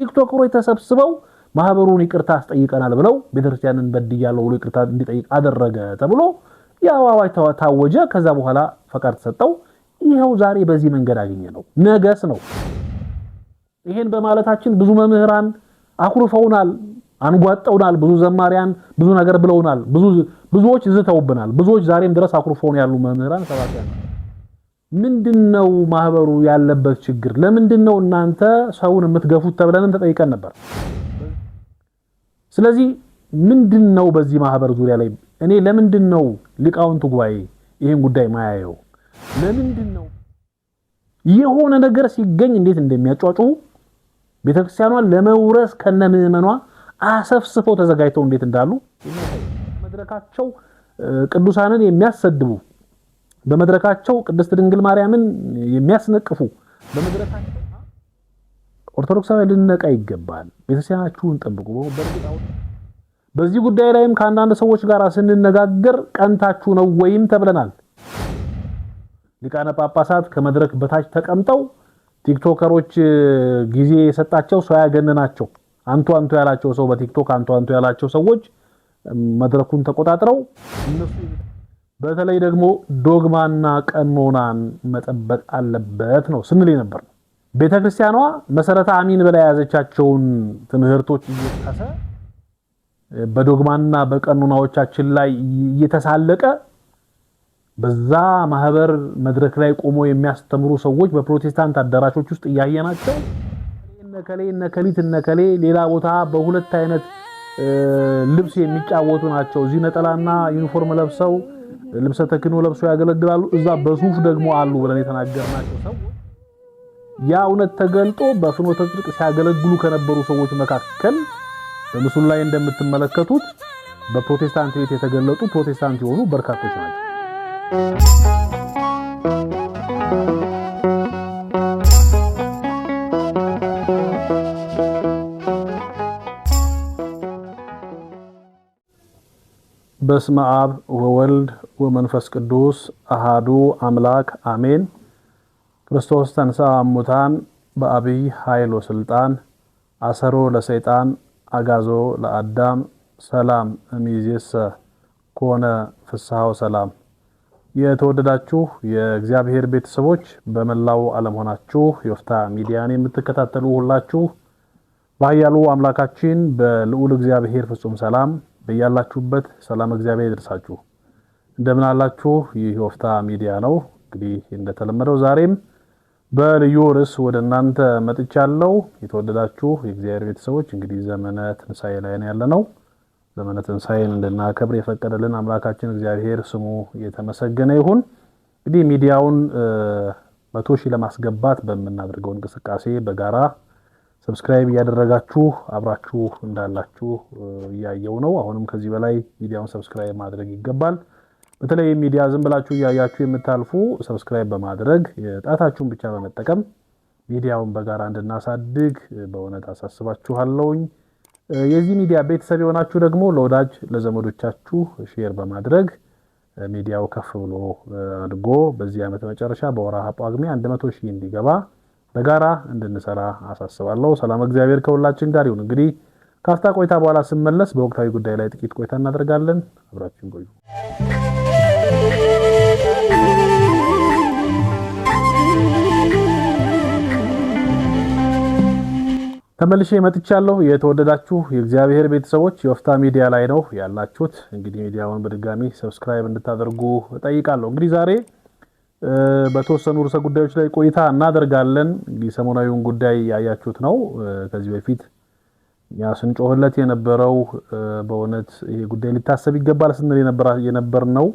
ቲክቶከሮች ተሰብስበው ማህበሩን ይቅርታ አስጠይቀናል ብለው ቤተክርስቲያንን በድያለሁ ብሎ ይቅርታ እንዲጠይቅ አደረገ ተብሎ ያው አዋጅ ታወጀ። ከዛ በኋላ ፈቃድ ተሰጠው። ይኸው ዛሬ በዚህ መንገድ አገኘ ነው ነገስ ነው። ይሄን በማለታችን ብዙ መምህራን አኩርፈውናል፣ አንጓጠውናል። ብዙ ዘማሪያን ብዙ ነገር ብለውናል። ብዙዎች ዝተውብናል። ብዙዎች ዛሬም ድረስ አኩርፈውን ያሉ መምህራን ሰባት ሰባኪያን ምንድነው ማህበሩ ያለበት ችግር? ለምንድነው እናንተ ሰውን የምትገፉት? ተብለንም ተጠይቀን ነበር። ስለዚህ ምንድነው በዚህ ማህበር ዙሪያ ላይ እኔ ለምንድነው ሊቃውንቱ ጉባኤ ይህን ጉዳይ ማያየው? ለምንድነው የሆነ ነገር ሲገኝ እንዴት እንደሚያጫጩ ቤተክርስቲያኗን ለመውረስ ከነምዕመኗ አሰፍስፈው ተዘጋጅተው እንዴት እንዳሉ መድረካቸው ቅዱሳንን የሚያሰድቡ በመድረካቸው ቅድስት ድንግል ማርያምን የሚያስነቅፉ በመድረካቸው ኦርቶዶክሳዊ ልንነቃ ይገባል። ቤተክርስቲያናችሁን ጠብቁ። በዚህ ጉዳይ ላይም ከአንዳንድ ሰዎች ጋር ስንነጋገር ቀንታችሁ ነው ወይም ተብለናል። ሊቃነ ጳጳሳት ከመድረክ በታች ተቀምጠው ቲክቶከሮች ጊዜ የሰጣቸው ሰው ያገነናቸው አንቱ አንቱ ያላቸው ሰው በቲክቶክ አንቱ አንቱ ያላቸው ሰዎች መድረኩን ተቆጣጥረው እነሱ በተለይ ደግሞ ዶግማና ቀኖናን መጠበቅ አለበት ነው ስንል ነበር። ቤተ ክርስቲያኗ መሰረተ አሚን ብላ የያዘቻቸውን ትምህርቶች እየጠቀሰ በዶግማና በቀኖናዎቻችን ላይ እየተሳለቀ በዛ ማህበር መድረክ ላይ ቆሞ የሚያስተምሩ ሰዎች በፕሮቴስታንት አዳራሾች ውስጥ እያየናቸው እነከሌ እነከሊት እነከሌ ሌላ ቦታ በሁለት አይነት ልብስ የሚጫወቱ ናቸው። እዚህ ነጠላና ዩኒፎርም ለብሰው ልብሰ ተክህኖ ለብሶ ያገለግላሉ። እዛ በሱፍ ደግሞ አሉ ብለን የተናገርናቸው ሰው ያ እውነት ተገልጦ በፍኖተ ጽድቅ ሲያገለግሉ ከነበሩ ሰዎች መካከል በምስሉ ላይ እንደምትመለከቱት በፕሮቴስታንት ቤት የተገለጡ ፕሮቴስታንት የሆኑ በርካቶች ናቸው። በስመ አብ ወወልድ ወመንፈስ ቅዱስ አሃዱ አምላክ አሜን። ክርስቶስ ተንሥአ እሙታን በአብይ ኃይል ወስልጣን አሰሮ ለሰይጣን አጋዞ ለአዳም ሰላም እምይእዜሰ ኮነ ፍስሐው ሰላም የተወደዳችሁ የእግዚአብሔር ቤተሰቦች በመላው ዓለም ሆናችሁ የወፍታ ሚዲያን የምትከታተሉ ሁላችሁ በኃያሉ አምላካችን በልዑል እግዚአብሔር ፍጹም ሰላም በያላችሁበት ሰላም እግዚአብሔር ይደርሳችሁ። እንደምን አላችሁ? ይህ የወፍታ ሚዲያ ነው። እንግዲህ እንደተለመደው ዛሬም በልዩ ርዕስ ወደ እናንተ መጥቻለሁ። የተወደዳችሁ የእግዚአብሔር ቤተሰቦች እንግዲህ ዘመነ ትንሳኤ ላይ ነው ነው። ዘመነ ትንሳኤን እንድናከብር የፈቀደልን አምላካችን እግዚአብሔር ስሙ የተመሰገነ ይሁን። እንግዲህ ሚዲያውን መቶ ሺህ ለማስገባት በምናደርገው እንቅስቃሴ በጋራ ሰብስክራይብ እያደረጋችሁ አብራችሁ እንዳላችሁ እያየው ነው። አሁንም ከዚህ በላይ ሚዲያውን ሰብስክራይብ ማድረግ ይገባል። በተለይ ሚዲያ ዝም ብላችሁ እያያችሁ የምታልፉ ሰብስክራይብ በማድረግ ጣታችሁን ብቻ በመጠቀም ሚዲያውን በጋራ እንድናሳድግ በእውነት አሳስባችኋለሁኝ። የዚህ ሚዲያ ቤተሰብ የሆናችሁ ደግሞ ለወዳጅ ለዘመዶቻችሁ ሼር በማድረግ ሚዲያው ከፍ ብሎ አድጎ በዚህ ዓመት መጨረሻ በወርሃ ጳጉሜ አንድ መቶ ሺህ እንዲገባ በጋራ እንድንሰራ አሳስባለሁ። ሰላም እግዚአብሔር ከሁላችን ጋር ይሁን። እንግዲህ ካፍታ ቆይታ በኋላ ስመለስ በወቅታዊ ጉዳይ ላይ ጥቂት ቆይታ እናደርጋለን። አብራችን ቆዩ። ተመልሼ መጥቻለሁ። የተወደዳችሁ የእግዚአብሔር ቤተሰቦች የወፍታ ሚዲያ ላይ ነው ያላችሁት። እንግዲህ ሚዲያውን በድጋሚ ሰብስክራይብ እንድታደርጉ እጠይቃለሁ። እንግዲህ ዛሬ በተወሰኑ ርዕሰ ጉዳዮች ላይ ቆይታ እናደርጋለን። እንግዲህ ሰሞናዊውን ጉዳይ ያያችሁት ነው። ከዚህ በፊት እኛ ስንጮህለት የነበረው በእውነት ይሄ ጉዳይ ሊታሰብ ይገባል ስንል የነበር ነው።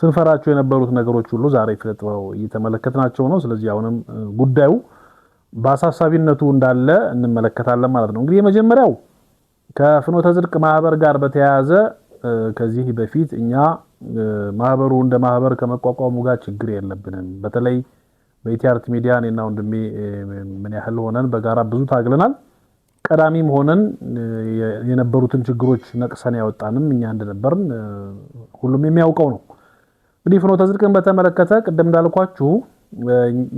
ስንፈራቸው የነበሩት ነገሮች ሁሉ ዛሬ ፍጥረው እየተመለከትናቸው ነው። ስለዚህ አሁንም ጉዳዩ በአሳሳቢነቱ እንዳለ እንመለከታለን ማለት ነው። እንግዲህ የመጀመሪያው ከፍኖተ ጽድቅ ማህበር ጋር በተያያዘ ከዚህ በፊት እኛ ማህበሩ እንደ ማህበር ከመቋቋሙ ጋር ችግር የለብንም። በተለይ በኢቲአርት ሚዲያ እኔና ወንድሜ ምን ያህል ሆነን በጋራ ብዙ ታግለናል። ቀዳሚም ሆነን የነበሩትን ችግሮች ነቅሰን ያወጣንም እኛ እንደነበርን ሁሉም የሚያውቀው ነው። እንግዲህ ፍኖተ ጽድቅን በተመለከተ ቅድም እንዳልኳችሁ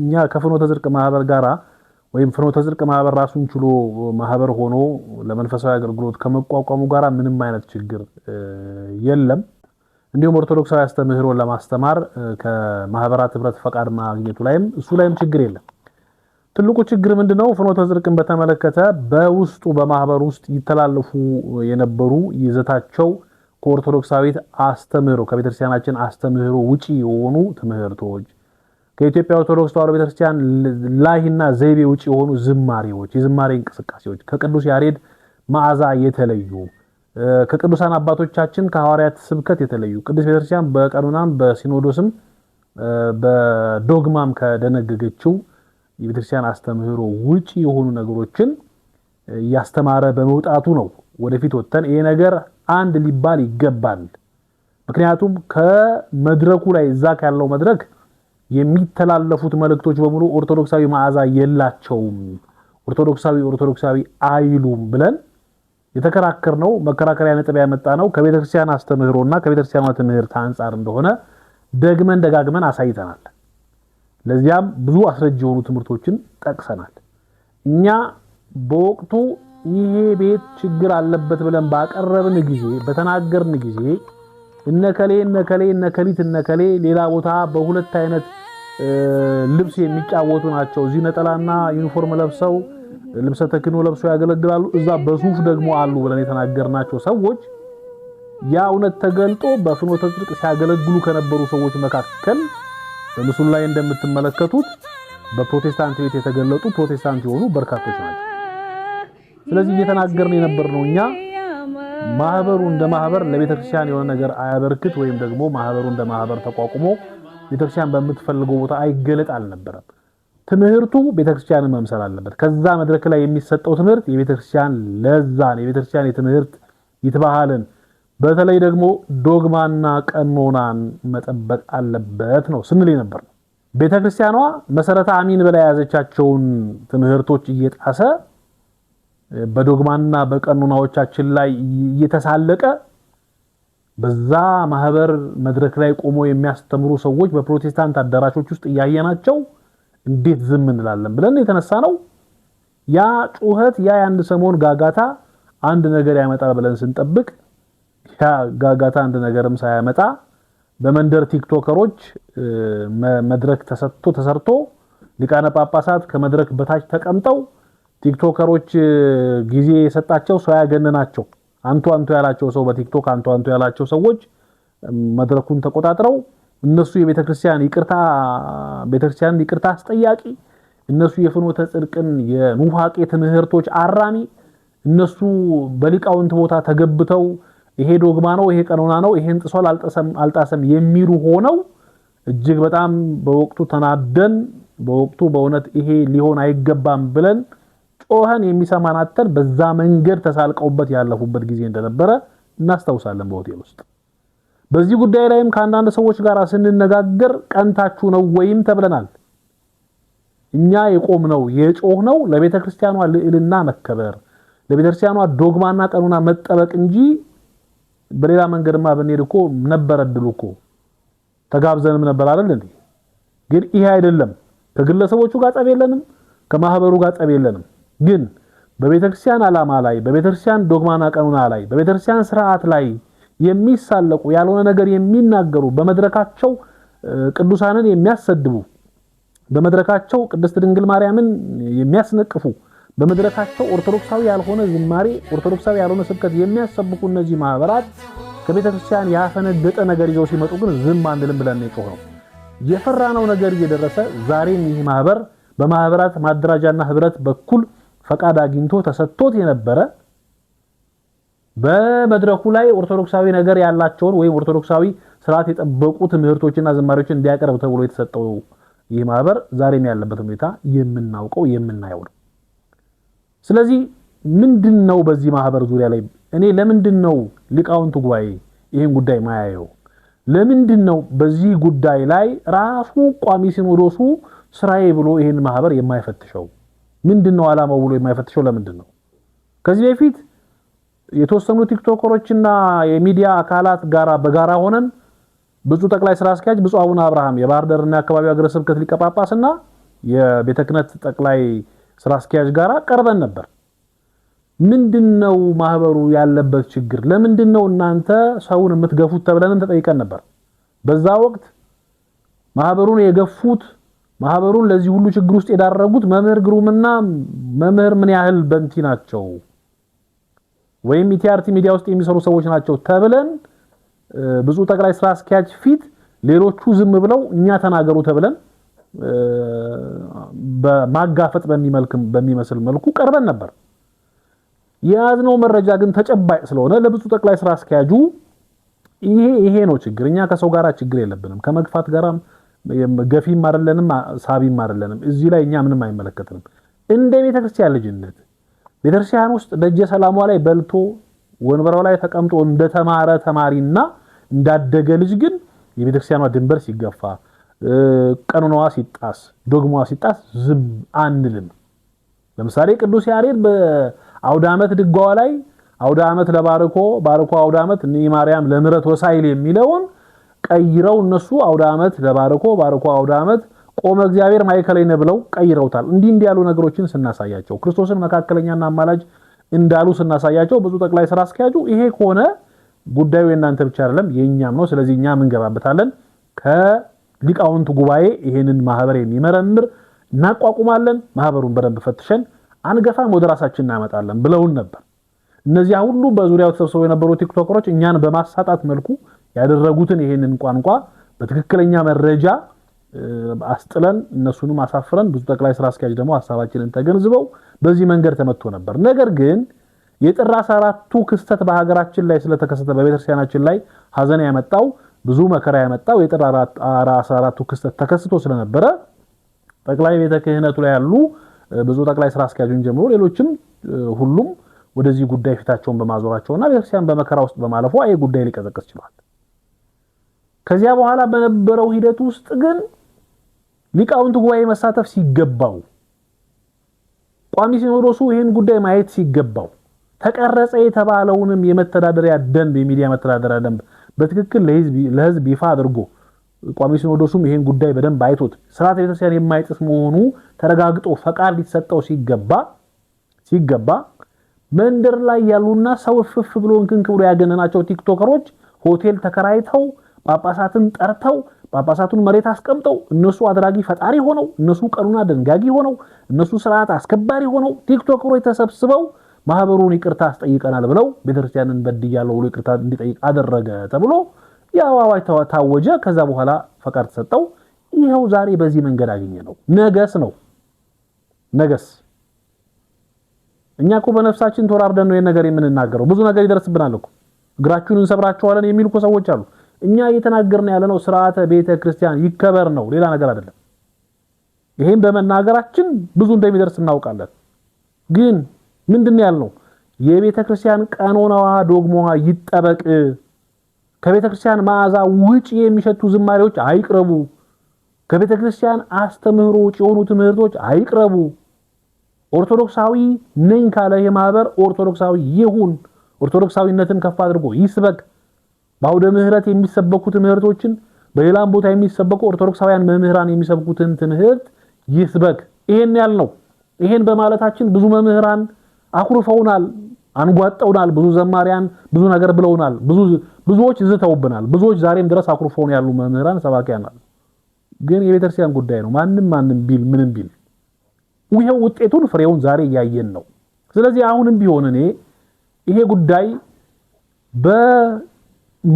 እኛ ከፍኖተ ጽድቅ ማህበር ጋራ ወይም ፍኖተ ጽድቅ ማህበር ራሱን ችሎ ማህበር ሆኖ ለመንፈሳዊ አገልግሎት ከመቋቋሙ ጋራ ምንም አይነት ችግር የለም። እንዲሁም ኦርቶዶክሳዊ አስተምህሮን ለማስተማር ከማህበራት ህብረት ፈቃድ ማግኘቱ ላይም እሱ ላይም ችግር የለም። ትልቁ ችግር ምንድነው? ፍኖተ ጽድቅን በተመለከተ በውስጡ በማህበር ውስጥ ይተላለፉ የነበሩ ይዘታቸው ከኦርቶዶክሳዊት አስተምህሮ ከቤተክርስቲያናችን አስተምህሮ ውጪ የሆኑ ትምህርቶች ከኢትዮጵያ ኦርቶዶክስ ተዋሕዶ ቤተክርስቲያን ላይና ዘይቤ ውጪ የሆኑ ዝማሬዎች፣ የዝማሬ እንቅስቃሴዎች ከቅዱስ ያሬድ መዓዛ የተለዩ ከቅዱሳን አባቶቻችን ከሐዋርያት ስብከት የተለዩ ቅዱስ ቤተክርስቲያን በቀኖናም በሲኖዶስም በዶግማም ከደነገገችው የቤተክርስቲያን አስተምህሮ ውጪ የሆኑ ነገሮችን እያስተማረ በመውጣቱ ነው። ወደፊት ወጥተን ይሄ ነገር አንድ ሊባል ይገባል። ምክንያቱም ከመድረኩ ላይ እዛ ካለው መድረክ የሚተላለፉት መልእክቶች በሙሉ ኦርቶዶክሳዊ መዓዛ የላቸውም፣ ኦርቶዶክሳዊ ኦርቶዶክሳዊ አይሉም ብለን የተከራከር ነው መከራከሪያ ነጥብ ያመጣ ነው ከቤተክርስቲያን አስተምህሮና ከቤተክርስቲያኗ ትምህርት አንጻር እንደሆነ ደግመን ደጋግመን አሳይተናል። ለዚያም ብዙ አስረጅ የሆኑ ትምህርቶችን ጠቅሰናል። እኛ በወቅቱ ይሄ ቤት ችግር አለበት ብለን ባቀረብን ጊዜ በተናገርን ጊዜ እነከሌ እነከሌ እነከሊት እነከሌ ሌላ ቦታ በሁለት አይነት ልብስ የሚጫወቱ ናቸው፣ እዚህ ነጠላና ዩኒፎርም ለብሰው ልብሰ ተክህኖ ለብሶ ያገለግላሉ። እዛ በሱፍ ደግሞ አሉ ብለን የተናገርናቸው ሰዎች ያ እውነት ተገልጦ በፍኖተ ጽድቅ ሲያገለግሉ ከነበሩ ሰዎች መካከል በምስሉ ላይ እንደምትመለከቱት በፕሮቴስታንት ቤት የተገለጡ ፕሮቴስታንት የሆኑ በርካቶች ናቸው። ስለዚህ እየተናገርን የነበርነው እኛ ማህበሩ እንደ ማህበር ለቤተክርስቲያን የሆነ ነገር አያበርክት ወይም ደግሞ ማህበሩ እንደ ማህበር ተቋቁሞ ቤተክርስቲያን በምትፈልገው ቦታ አይገለጥ አልነበረም። ትምህርቱ ቤተክርስቲያን መምሰል አለበት። ከዛ መድረክ ላይ የሚሰጠው ትምህርት የቤተክርስቲያን ለዛን የቤተክርስቲያን የትምህርት ይትባሃልን በተለይ ደግሞ ዶግማና ቀኖናን መጠበቅ አለበት ነው ስንል ነበር። ቤተክርስቲያኗ መሰረተ አሚን ብላ የያዘቻቸውን ትምህርቶች እየጣሰ በዶግማና በቀኖናዎቻችን ላይ እየተሳለቀ በዛ ማህበር መድረክ ላይ ቆሞ የሚያስተምሩ ሰዎች በፕሮቴስታንት አዳራሾች ውስጥ እያየናቸው እንዴት ዝም እንላለን ብለን የተነሳ ነው። ያ ጩኸት፣ ያ የአንድ ሰሞን ጋጋታ አንድ ነገር ያመጣል ብለን ስንጠብቅ ያ ጋጋታ አንድ ነገርም ሳያመጣ በመንደር ቲክቶከሮች መድረክ ተሰጥቶ ተሰርቶ ሊቃነ ጳጳሳት ከመድረክ በታች ተቀምጠው ቲክቶከሮች ጊዜ የሰጣቸው ሰው ያገነናቸው አንቱ አንቱ ያላቸው ሰው በቲክቶክ አንቱ አንቱ ያላቸው ሰዎች መድረኩን ተቆጣጥረው እነሱ የቤተ ክርስቲያን ይቅርታ ቤተ ክርስቲያን ይቅርታ አስጠያቂ፣ እነሱ የፍኖተ ጽድቅን የኑፋቄ ትምህርቶች አራሚ፣ እነሱ በሊቃውንት ቦታ ተገብተው ይሄ ዶግማ ነው፣ ይሄ ቀኖና ነው፣ ይሄን ጥሷል፣ አልጣሰም የሚሉ ሆነው እጅግ በጣም በወቅቱ ተናደን በወቅቱ በእውነት ይሄ ሊሆን አይገባም ብለን ጮኸን የሚሰማን በዛ መንገድ ተሳልቀውበት ያለፉበት ጊዜ እንደነበረ እናስታውሳለን በሆቴል ውስጥ። በዚህ ጉዳይ ላይም ከአንዳንድ ሰዎች ጋር ስንነጋገር ቀንታችሁ ነው ወይም ተብለናል። እኛ የቆም ነው የጮህ ነው ለቤተ ክርስቲያኗ ልዕልና መከበር ለቤተ ክርስቲያኗ ዶግማና ቀኖና መጠበቅ እንጂ በሌላ መንገድማ ብንሄድ እኮ ነበረ እድሉ እኮ ተጋብዘንም ነበር አይደል እንዴ? ግን ይሄ አይደለም። ከግለሰቦቹ ጋር ጸብ የለንም፣ ከማህበሩ ጋር ጸብ የለንም። ግን በቤተክርስቲያን ዓላማ ላይ በቤተክርስቲያን ዶግማና ቀኖና ላይ በቤተክርስቲያን ስርዓት ላይ የሚሳለቁ ያልሆነ ነገር የሚናገሩ በመድረካቸው ቅዱሳንን የሚያሰድቡ በመድረካቸው ቅድስት ድንግል ማርያምን የሚያስነቅፉ በመድረካቸው ኦርቶዶክሳዊ ያልሆነ ዝማሬ፣ ኦርቶዶክሳዊ ያልሆነ ስብከት የሚያሰብኩ እነዚህ ማህበራት ከቤተ ክርስቲያን ያፈነደጠ ነገር ይዘው ሲመጡ ግን ዝም አንልም ብለን የጮህ ነው። የፈራነው ነገር እየደረሰ ዛሬም ይህ ማህበር በማህበራት ማደራጃና ህብረት በኩል ፈቃድ አግኝቶ ተሰጥቶት የነበረ በመድረኩ ላይ ኦርቶዶክሳዊ ነገር ያላቸውን ወይም ኦርቶዶክሳዊ ስርዓት የጠበቁ ትምህርቶችና ዝማሬዎችን እንዲያቀርብ ተብሎ የተሰጠው ይህ ማህበር ዛሬም ያለበት ሁኔታ የምናውቀው የምናየው ነው። ስለዚህ ምንድን ነው በዚህ ማህበር ዙሪያ ላይ እኔ ለምንድን ነው ሊቃውንቱ ጉባኤ ይህን ጉዳይ ማያየው? ለምንድን ነው በዚህ ጉዳይ ላይ ራሱ ቋሚ ሲኖዶሱ ስራዬ ብሎ ይህን ማህበር የማይፈትሸው? ምንድን ነው ብሎ የማይፈትሸው ለምንድን ነው? ከዚህ በፊት የተወሰኑ ቲክቶከሮችና የሚዲያ አካላት ጋራ በጋራ ሆነን ብፁዕ ጠቅላይ ስራ አስኪያጅ ብፁዕ አቡነ አብርሃም የባህር ዳርና የአካባቢው ሀገረ ስብከት ሊቀ የቤተክነት የቤተ ክህነት ጠቅላይ ስራ አስኪያጅ ጋራ ቀርበን ነበር። ምንድነው ማህበሩ ያለበት ችግር? ለምንድነው እናንተ ሰውን የምትገፉት? ተብለንም ተጠይቀን ነበር። በዛ ወቅት ማህበሩን የገፉት ማህበሩን ለዚህ ሁሉ ችግር ውስጥ የዳረጉት መምህር ግሩምና መምህር ምን ያህል በንቲ ናቸው ወይም ኢቲአርቲ ሚዲያ ውስጥ የሚሰሩ ሰዎች ናቸው ተብለን ብዙ ጠቅላይ ስራ አስኪያጅ ፊት ሌሎቹ ዝም ብለው እኛ ተናገሩ ተብለን በማጋፈጥ በሚመስል መልኩ ቀርበን ነበር። የያዝነው መረጃ ግን ተጨባጭ ስለሆነ ለብዙ ጠቅላይ ስራ አስኪያጁ ይሄ ይሄ ነው ችግር፣ እኛ ከሰው ጋር ችግር የለብንም፣ ከመግፋት ጋራም ገፊም አይደለንም፣ ሳቢም አይደለንም፣ እዚህ ላይ እኛ ምንም አይመለከትንም። እንደ ቤተክርስቲያን ልጅነት ቤተክርስቲያን ውስጥ ደጀ ሰላሟ ላይ በልቶ ወንበሯ ላይ ተቀምጦ እንደተማረ ተማሪና እንዳደገ ልጅ ግን የቤተክርስቲያኗ ድንበር ሲገፋ፣ ቀኖናዋ ሲጣስ፣ ዶግማዋ ሲጣስ ዝም አንልም። ለምሳሌ ቅዱስ ያሬድ በአውደ ዓመት ድጓዋ ላይ አውደ ዓመት ለባርኮ ባርኮ አውደ ዓመት ማርያም ለምረት ወሳይል የሚለውን ቀይረው እነሱ አውደ ዓመት ለባርኮ ባርኮ አውደ ዓመት ቆመ እግዚአብሔር ማዕከላይነ ብለው ቀይረውታል። እንዲህ እንዲህ ያሉ ነገሮችን ስናሳያቸው ክርስቶስን መካከለኛና አማላጅ እንዳሉ ስናሳያቸው ብዙ ጠቅላይ ስራ አስኪያጁ ይሄ ከሆነ ጉዳዩ የእናንተ ብቻ አይደለም የእኛም ነው፣ ስለዚህ እኛም እንገባበታለን፣ ከሊቃውንት ጉባኤ ይሄንን ማህበር የሚመረምር እናቋቁማለን፣ ማህበሩን በደንብ ፈትሸን አንገፋም፣ ወደ ራሳችን እናመጣለን ብለውን ነበር። እነዚያ ሁሉ በዙሪያው ተሰብስበው የነበሩ ቲክቶከሮች እኛን በማሳጣት መልኩ ያደረጉትን ይሄንን ቋንቋ በትክክለኛ መረጃ አስጥለን እነሱንም አሳፍረን ብዙ ጠቅላይ ስራ አስኪያጅ ደግሞ ሀሳባችንን ተገንዝበው በዚህ መንገድ ተመቶ ነበር። ነገር ግን የጥር አስራ አራቱ ክስተት በሀገራችን ላይ ስለተከሰተ በቤተክርስቲያናችን ላይ ሀዘን ያመጣው ብዙ መከራ ያመጣው የጥር አስራ አራቱ ክስተት ተከስቶ ስለነበረ ጠቅላይ ቤተ ክህነቱ ላይ ያሉ ብዙ ጠቅላይ ስራ አስኪያጁን ጀምሮ ሌሎችም ሁሉም ወደዚህ ጉዳይ ፊታቸውን እና ቤተክርስቲያን በመከራ ውስጥ በማለፏ ይህ ጉዳይ ሊቀዘቅዝ ችሏል። ከዚያ በኋላ በነበረው ሂደት ውስጥ ግን ሊቃውንት ጉባኤ መሳተፍ ሲገባው፣ ቋሚ ሲኖዶሱ ይህን ጉዳይ ማየት ሲገባው፣ ተቀረጸ የተባለውንም የመተዳደሪያ ደንብ የሚዲያ መተዳደሪያ ደንብ በትክክል ለህዝብ ይፋ አድርጎ ቋሚ ሲኖዶሱም ይህን ጉዳይ በደንብ አይቶት ስርዓተ ቤተክርስቲያን የማይጥስ መሆኑ ተረጋግጦ ፈቃድ ሊሰጠው ሲገባ ሲገባ መንደር ላይ ያሉና ሰው ፍፍ ብሎ እንክንክ ብሎ ያገነናቸው ቲክቶከሮች ሆቴል ተከራይተው ጳጳሳትን ጠርተው ጳጳሳቱን መሬት አስቀምጠው እነሱ አድራጊ ፈጣሪ ሆነው እነሱ ቀኑና ደንጋጊ ሆነው እነሱ ስርዓት አስከባሪ ሆነው ቲክቶከሮች ተሰብስበው ማህበሩን ይቅርታ አስጠይቀናል ብለው ቤተክርስቲያንን በድያለው ብሎ ይቅርታ እንዲጠይቅ አደረገ ተብሎ የአዋጅ ታወጀ። ከዛ በኋላ ፈቃድ ተሰጠው። ይኸው ዛሬ በዚህ መንገድ አገኘ ነው። ነገስ ነው ነገስ። እኛ እኮ በነፍሳችን ተወራርደን ነው ነገር የምንናገረው። ብዙ ነገር ይደርስብናል እኮ እግራችሁን እንሰብራችኋለን የሚሉ እኮ ሰዎች አሉ። እኛ እየተናገርን ያለነው ስርዓተ ቤተ ክርስቲያን ይከበር ነው፣ ሌላ ነገር አይደለም። ይሄን በመናገራችን ብዙ እንደሚደርስ እናውቃለን። ግን ምንድን ያልነው የቤተ ክርስቲያን ቀኖናዋ ዶግማዋ ይጠበቅ፣ ከቤተ ክርስቲያን መዓዛ ውጪ የሚሸቱ ዝማሬዎች አይቅረቡ፣ ከቤተ ክርስቲያን አስተምህሮ ውጭ የሆኑ ትምህርቶች አይቅረቡ። ኦርቶዶክሳዊ ነኝ ካለ የማህበር ኦርቶዶክሳዊ ይሁን፣ ኦርቶዶክሳዊነትን ከፍ አድርጎ ይስበክ። በአውደ ምህረት የሚሰበኩ ትምህርቶችን በሌላም ቦታ የሚሰበኩ ኦርቶዶክሳውያን መምህራን የሚሰብኩትን ትምህርት ይስበክ። ይሄን ያል ነው። ይሄን በማለታችን ብዙ መምህራን አኩርፈውናል፣ አንጓጠውናል፣ ብዙ ዘማሪያን ብዙ ነገር ብለውናል፣ ብዙዎች ዝተውብናል። ብዙዎች ዛሬም ድረስ አኩርፈውን ያሉ መምህራን ሰባኪያን አሉ። ግን የቤተክርስቲያን ጉዳይ ነው። ማንም ማንም ቢል ምንም ቢል ይሄው ውጤቱን ፍሬውን ዛሬ እያየን ነው። ስለዚህ አሁንም ቢሆን እኔ ይሄ ጉዳይ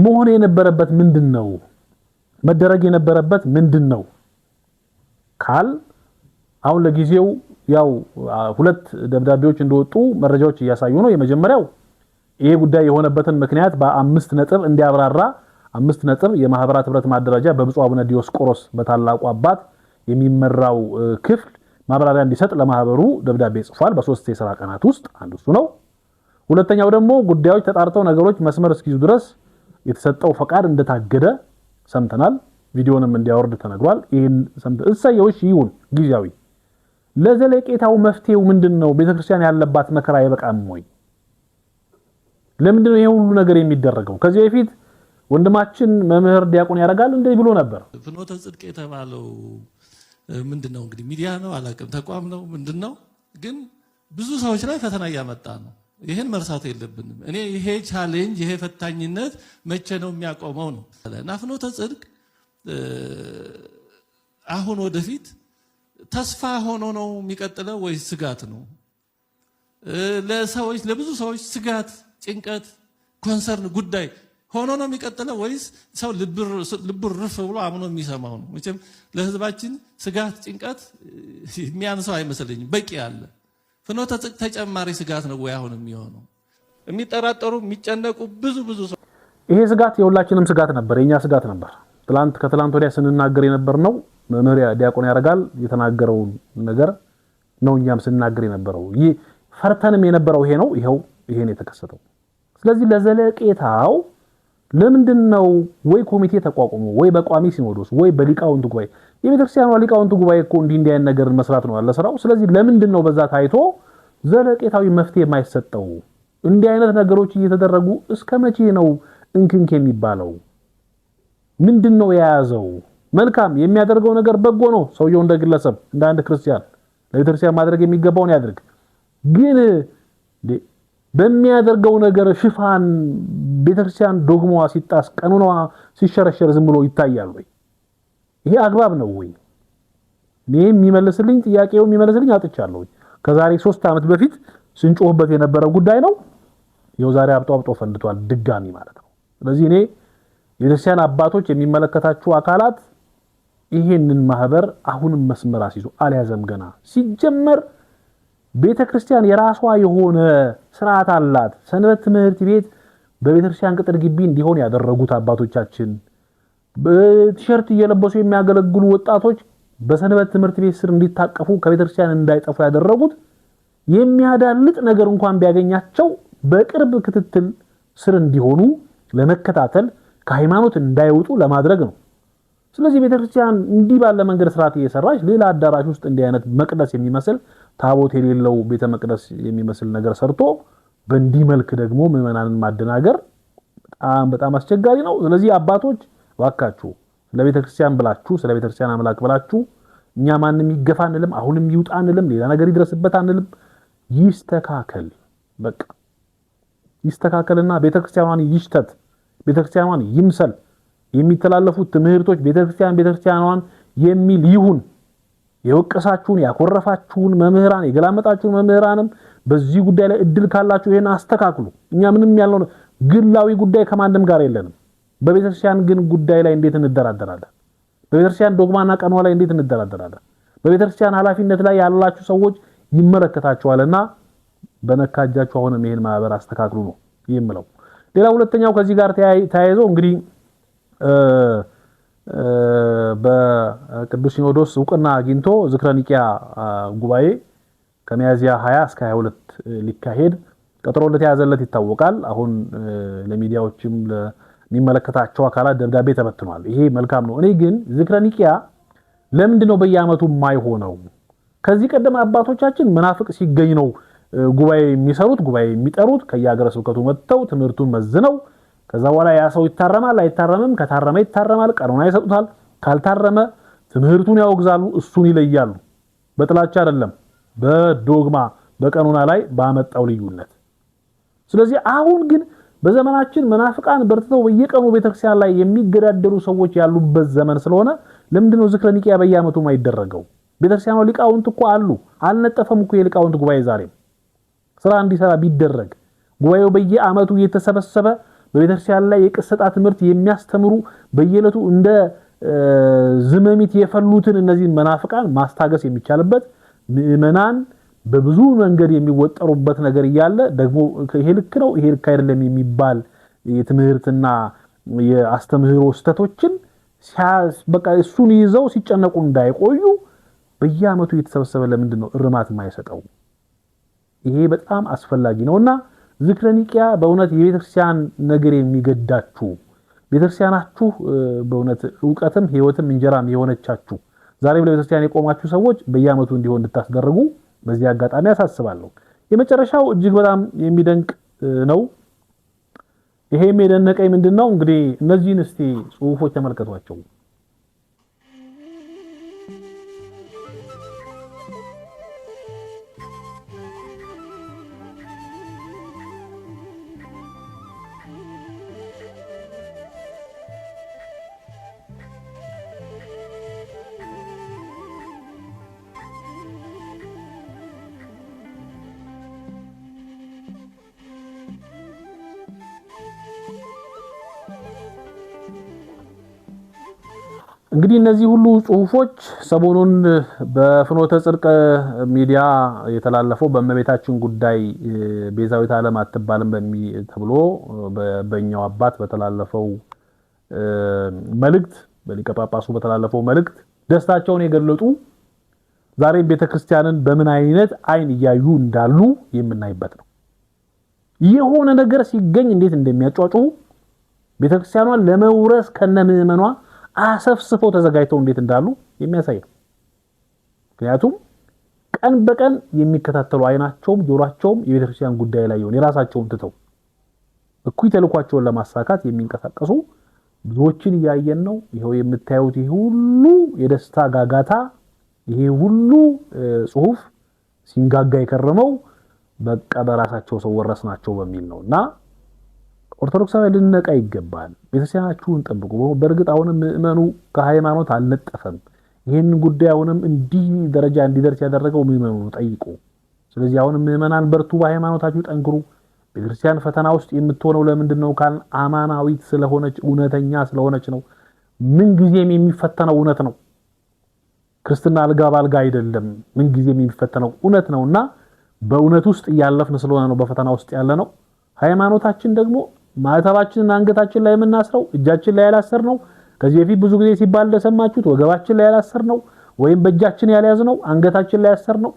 መሆን የነበረበት ምንድን ነው? መደረግ የነበረበት ምንድን ነው ካል አሁን ለጊዜው ያው ሁለት ደብዳቤዎች እንደወጡ መረጃዎች እያሳዩ ነው። የመጀመሪያው ይሄ ጉዳይ የሆነበትን ምክንያት በአምስት ነጥብ እንዲያብራራ አምስት ነጥብ የማህበራት ህብረት ማደራጃ በብፁዕ አቡነ ዲዮስቆሮስ በታላቁ አባት የሚመራው ክፍል ማብራሪያ እንዲሰጥ ለማህበሩ ደብዳቤ ጽፏል። በሶስት የስራ ቀናት ውስጥ አንዱ እሱ ነው። ሁለተኛው ደግሞ ጉዳዮች ተጣርተው ነገሮች መስመር እስኪይዙ ድረስ የተሰጠው ፈቃድ እንደታገደ ሰምተናል። ቪዲዮንም እንዲያወርድ ተነግሯል። ይህን ሰምተን እሰየውሽ ይሁን ጊዜያዊ። ለዘለቄታው መፍትሄው ምንድን ነው? ቤተክርስቲያን ያለባት መከራ አይበቃም ወይ? ለምንድን ነው ይሄ ሁሉ ነገር የሚደረገው? ከዚህ በፊት ወንድማችን መምህር ዲያቆን ያደርጋል እንደዚህ ብሎ ነበር። ፍኖተ ጽድቅ የተባለው ምንድን ነው እንግዲህ ሚዲያ ነው አላውቅም፣ ተቋም ነው ምንድን ነው ግን ብዙ ሰዎች ላይ ፈተና እያመጣ ነው። ይህን መርሳት የለብንም። እኔ ይሄ ቻሌንጅ ይሄ ፈታኝነት መቼ ነው የሚያቆመው ነው እና ጽድቅ አሁን ወደፊት ተስፋ ሆኖ ነው የሚቀጥለው ወይስ ስጋት ነው? ለሰዎች ለብዙ ሰዎች ስጋት፣ ጭንቀት፣ ኮንሰርን ጉዳይ ሆኖ ነው የሚቀጥለው ወይስ ሰው ልቡ ርፍ ብሎ አምኖ የሚሰማው ነው? መቼም ለህዝባችን ስጋት፣ ጭንቀት የሚያንሰው አይመስለኝም። በቂ አለ። ፍኖተ ጽድቅ ተጨማሪ ስጋት ነው ወይ አሁን የሚሆነው? የሚጠራጠሩ የሚጨነቁ ብዙ ብዙ ሰው ይሄ ስጋት የሁላችንም ስጋት ነበር፣ የእኛ ስጋት ነበር። ትላንት ከትላንት ወዲያ ስንናገር የነበር ነው መምህር ዲያቆን ያረጋል የተናገረውን ነገር ነው እኛም ስንናገር የነበረው ይህ ፈርተንም የነበረው ይሄ ነው። ይኸው ይሄን የተከሰተው ስለዚህ ለዘለቄታው ለምንድን ነው ወይ ኮሚቴ ተቋቁሞ ወይ በቋሚ ሲኖዶስ ወይ በሊቃውንት ጉባኤ የቤተክርስቲያኗ ሊቃውንት ጉባኤ እኮ እንዲህ እንዲህ ነገር መስራት ነው ያለ ስራው። ስለዚህ ለምንድን ነው በዛ ታይቶ ዘለቄታዊ መፍትሄ የማይሰጠው? እንዲህ አይነት ነገሮች እየተደረጉ እስከ መቼ ነው እንክንክ የሚባለው? ምንድን ነው የያዘው? መልካም የሚያደርገው ነገር በጎ ነው። ሰውየው እንደ ግለሰብ እንደ አንድ ክርስቲያን ለቤተክርስቲያን ማድረግ የሚገባውን ያድርግ ግን በሚያደርገው ነገር ሽፋን ቤተክርስቲያን ዶግማዋ ሲጣስ ቀኖኗ ሲሸረሸር ዝም ብሎ ይታያል ወይ? ይሄ አግባብ ነው ወይ? እኔ የሚመልስልኝ ጥያቄው የሚመልስልኝ አጥቻለሁ። ከዛሬ ሶስት ዓመት በፊት ስንጮህበት የነበረው ጉዳይ ነው። ይኸው ዛሬ አብጦ አብጦ ፈንድቷል ድጋሚ ማለት ነው። ስለዚህ እኔ የቤተክርስቲያን አባቶች፣ የሚመለከታችሁ አካላት ይሄንን ማህበር አሁንም መስመር አስይዞ አልያዘም ገና ሲጀመር ቤተ ክርስቲያን የራሷ የሆነ ስርዓት አላት። ሰንበት ትምህርት ቤት በቤተ ክርስቲያን ቅጥር ግቢ እንዲሆን ያደረጉት አባቶቻችን፣ ቲሸርት እየለበሱ የሚያገለግሉ ወጣቶች በሰንበት ትምህርት ቤት ስር እንዲታቀፉ ከቤተ ክርስቲያን እንዳይጠፉ ያደረጉት የሚያዳልጥ ነገር እንኳን ቢያገኛቸው በቅርብ ክትትል ስር እንዲሆኑ ለመከታተል ከሃይማኖት እንዳይወጡ ለማድረግ ነው። ስለዚህ ቤተክርስቲያን እንዲህ ባለ መንገድ ስርዓት እየሰራች ሌላ አዳራሽ ውስጥ እንዲህ አይነት መቅደስ የሚመስል ታቦት የሌለው ቤተ መቅደስ የሚመስል ነገር ሰርቶ በእንዲህ መልክ ደግሞ ምዕመናንን ማደናገር በጣም በጣም አስቸጋሪ ነው። ስለዚህ አባቶች ባካችሁ ስለ ቤተክርስቲያን ብላችሁ ስለ ቤተክርስቲያን አምላክ ብላችሁ እኛ ማንም ይገፋ አንልም፣ አሁንም ይውጣ አንልም፣ ሌላ ነገር ይድረስበት አንልም። ይስተካከል፣ በቃ ይስተካከልና ቤተክርስቲያኗን ይሽተት፣ ቤተክርስቲያኗን ይምሰል። የሚተላለፉት ትምህርቶች ቤተክርስቲያን ቤተክርስቲያኗን የሚል ይሁን። የወቀሳችሁን ያኮረፋችሁን መምህራን የገላመጣችሁን መምህራንም በዚህ ጉዳይ ላይ እድል ካላችሁ ይሄን አስተካክሉ። እኛ ምንም ያልነው ግላዊ ጉዳይ ከማንም ጋር የለንም። በቤተክርስቲያን ግን ጉዳይ ላይ እንዴት እንደራደራለን? በቤተክርስቲያን ዶግማና ቀኗ ላይ እንዴት እንደራደራለን? በቤተክርስቲያን ኃላፊነት ላይ ያላችሁ ሰዎች ይመለከታችኋልና በነካጃችሁ አሁንም ይሄን ማህበር አስተካክሉ ነው የምለው። ሌላ ሁለተኛው ከዚህ ጋር ተያይዞ እንግዲህ በቅዱስ ሲኖዶስ እውቅና አግኝቶ ዝክረ ጉባኤ ከሚያዚያ 20 እስከ 22 ሊካሄድ ቀጥሮ እንደተያዘለት ይታወቃል። አሁን ለሚዲያዎችም ለሚመለከታቸው አካላት ደብዳቤ ተበትኗል። ይሄ መልካም ነው። እኔ ግን ዝክረ ኒቂያ ለምንድን ነው በየዓመቱ የማይሆነው? ከዚህ ቀደም አባቶቻችን መናፍቅ ሲገኝ ነው ጉባኤ የሚሰሩት ጉባኤ የሚጠሩት ከየሀገረ ስብከቱ መጥተው ትምህርቱን መዝነው ከዛ በኋላ ያ ሰው ይታረማል አይታረምም? ከታረመ ይታረማል፣ ቀኖና ይሰጡታል። ካልታረመ ትምህርቱን ያወግዛሉ፣ እሱን ይለያሉ። በጥላቻ አይደለም፣ በዶግማ በቀኖና ላይ ባመጣው ልዩነት። ስለዚህ አሁን ግን በዘመናችን መናፍቃን በርትተው በየቀኑ ቤተክርስቲያን ላይ የሚገዳደሉ ሰዎች ያሉበት ዘመን ስለሆነ ለምንድን ነው ዝክረ ኒቂያ በየዓመቱ አይደረገው? ቤተክርስቲያኗ ሊቃውንት እኮ አሉ፣ አልነጠፈም እኮ የሊቃውንት ጉባኤ ዛሬም ስራ እንዲሰራ ቢደረግ ጉባኤው በየዓመቱ እየተሰበሰበ በቤተክርስቲያን ላይ የቅስጣ ትምህርት የሚያስተምሩ በየዕለቱ እንደ ዝመሚት የፈሉትን እነዚህን መናፍቃን ማስታገስ የሚቻልበት ምዕመናን በብዙ መንገድ የሚወጠሩበት ነገር እያለ ደግሞ ይሄ ልክ ነው፣ ይሄ ልክ አይደለም የሚባል የትምህርትና የአስተምህሮ ስህተቶችን በቃ እሱን ይዘው ሲጨነቁ እንዳይቆዩ በየዓመቱ እየተሰበሰበ ለምንድን ነው እርማት የማይሰጠው? ይሄ በጣም አስፈላጊ ነውና ዝክረ ኒቅያ በእውነት የቤተክርስቲያን ነገር የሚገዳችሁ ቤተክርስቲያናችሁ በእውነት እውቀትም ህይወትም እንጀራም የሆነቻችሁ ዛሬም ለቤተክርስቲያን የቆማችሁ ሰዎች በየዓመቱ እንዲሆን እንድታስደርጉ በዚህ አጋጣሚ ያሳስባለሁ። የመጨረሻው እጅግ በጣም የሚደንቅ ነው። ይሄም የደነቀኝ ምንድን ነው እንግዲህ እነዚህን እስቲ ጽሁፎች ተመልከቷቸው። እንግዲህ እነዚህ ሁሉ ጽሁፎች ሰሞኑን በፍኖተ ጽድቅ ሚዲያ የተላለፈው በእመቤታችን ጉዳይ ቤዛዊት ዓለም አትባልም ተብሎ በእኛው አባት በተላለፈው መልእክት በሊቀ ጳጳሱ በተላለፈው መልእክት ደስታቸውን የገለጡ ዛሬም ቤተክርስቲያንን በምን አይነት አይን እያዩ እንዳሉ የምናይበት ነው። የሆነ ነገር ሲገኝ እንዴት እንደሚያጫጩ ቤተክርስቲያኗን ለመውረስ ከነ ምዕመኗ አሰፍስፈው ተዘጋጅተው እንዴት እንዳሉ የሚያሳይ ነው። ምክንያቱም ቀን በቀን የሚከታተሉ አይናቸውም ጆሯቸውም የቤተክርስቲያን ጉዳይ ላይ ይሆን የራሳቸውን ትተው እኩይ ተልኳቸውን ለማሳካት የሚንቀሳቀሱ ብዙዎችን እያየን ነው። ይኸው የምታዩት ይህ ሁሉ የደስታ ጋጋታ፣ ይሄ ሁሉ ጽሁፍ ሲንጋጋ የከረመው በቃ በራሳቸው ሰው ወረስ ናቸው በሚል ነው እና ኦርቶዶክሳዊ ልነቃ ይገባል። ቤተክርስቲያናችሁን ጠብቁ። በእርግጥ አሁንም ምእመኑ ከሃይማኖት አልነጠፈም። ይህን ጉዳይ አሁንም እንዲህ ደረጃ እንዲደርስ ያደረገው ምእመኑ ነው። ጠይቁ። ስለዚህ አሁንም ምእመናን በርቱ፣ በሃይማኖታችሁ ጠንክሩ። ቤተክርስቲያን ፈተና ውስጥ የምትሆነው ለምንድን ነው ካልን አማናዊት ስለሆነች እውነተኛ ስለሆነች ነው። ምንጊዜም የሚፈተነው እውነት ነው። ክርስትና አልጋ ባልጋ አይደለም። ምንጊዜም የሚፈተነው እውነት እና በእውነት ውስጥ እያለፍን ስለሆነ ነው በፈተና ውስጥ ያለ ነው። ሃይማኖታችን ደግሞ ማዕተባችንን አንገታችን ላይ የምናስረው እጃችን ላይ ያላሰር ነው። ከዚህ በፊት ብዙ ጊዜ ሲባል እንደሰማችሁት ወገባችን ላይ ያላሰር ነው ወይም በእጃችን ያልያዝ ነው አንገታችን ላይ ያሰር ነው።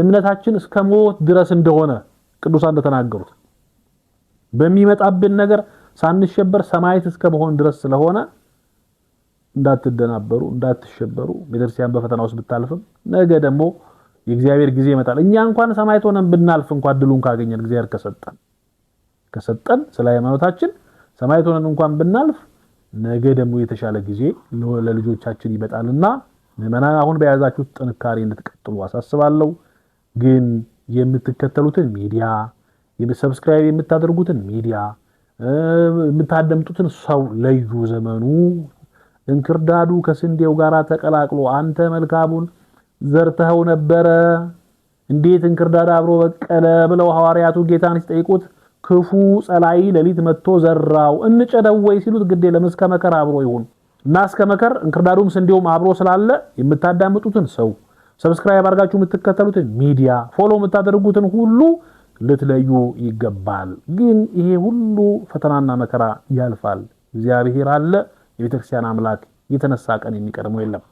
እምነታችን እስከ ሞት ድረስ እንደሆነ ቅዱሳን እንደተናገሩት በሚመጣብን ነገር ሳንሸበር ሰማዕት እስከ መሆን ድረስ ስለሆነ እንዳትደናበሩ፣ እንዳትሸበሩ ቤተክርስቲያን በፈተና ውስጥ ብታልፍም ነገ ደግሞ የእግዚአብሔር ጊዜ ይመጣል። እኛ እንኳን ሰማዕት ሆነን ብናልፍ እንኳን ድሉን ካገኘን እግዚአብሔር ከሰጠን ከሰጠን ስለ ሃይማኖታችን ሰማዕት ሆነን እንኳን ብናልፍ ነገ ደግሞ የተሻለ ጊዜ ለልጆቻችን ይመጣልና ምዕመናን አሁን በያዛችሁት ጥንካሬ እንድትቀጥሉ አሳስባለሁ። ግን የምትከተሉትን ሚዲያ ሰብስክራይብ የምታደርጉትን ሚዲያ የምታደምጡትን ሰው ለዩ። ዘመኑ እንክርዳዱ ከስንዴው ጋር ተቀላቅሎ አንተ መልካሙን ዘርተኸው ነበረ እንዴት እንክርዳድ አብሮ በቀለ ብለው ሐዋርያቱ ጌታን ሲጠይቁት ክፉ ጸላይ ሌሊት መጥቶ ዘራው እንጨደው ወይ ሲሉት ግዴ ለም እስከ መከር አብሮ ይሁን እና እስከ መከር እንክርዳዱም ስንዴውም አብሮ ስላለ የምታዳምጡትን ሰው ሰብስክራይብ አድርጋችሁ የምትከተሉትን ሚዲያ ፎሎ የምታደርጉትን ሁሉ ልትለዩ ይገባል። ግን ይሄ ሁሉ ፈተናና መከራ ያልፋል። እግዚአብሔር አለ፣ የቤተክርስቲያን አምላክ የተነሳ ቀን የሚቀድመው የለም።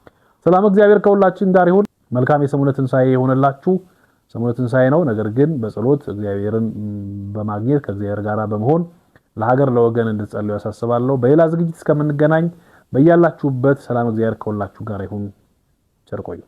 ሰላም እግዚአብሔር ከሁላችን ጋር ይሁን። መልካም የሰሙነ ትንሣኤ የሆነላችሁ ሰሙነ ትንሣኤ ነው። ነገር ግን በጸሎት እግዚአብሔርን በማግኘት ከእግዚአብሔር ጋር በመሆን ለሀገር ለወገን እንድትጸልዩ ያሳስባለሁ። በሌላ ዝግጅት እስከምንገናኝ በያላችሁበት ሰላም እግዚአብሔር ከሁላችሁ ጋር ይሁን። ቸር ቆዩ።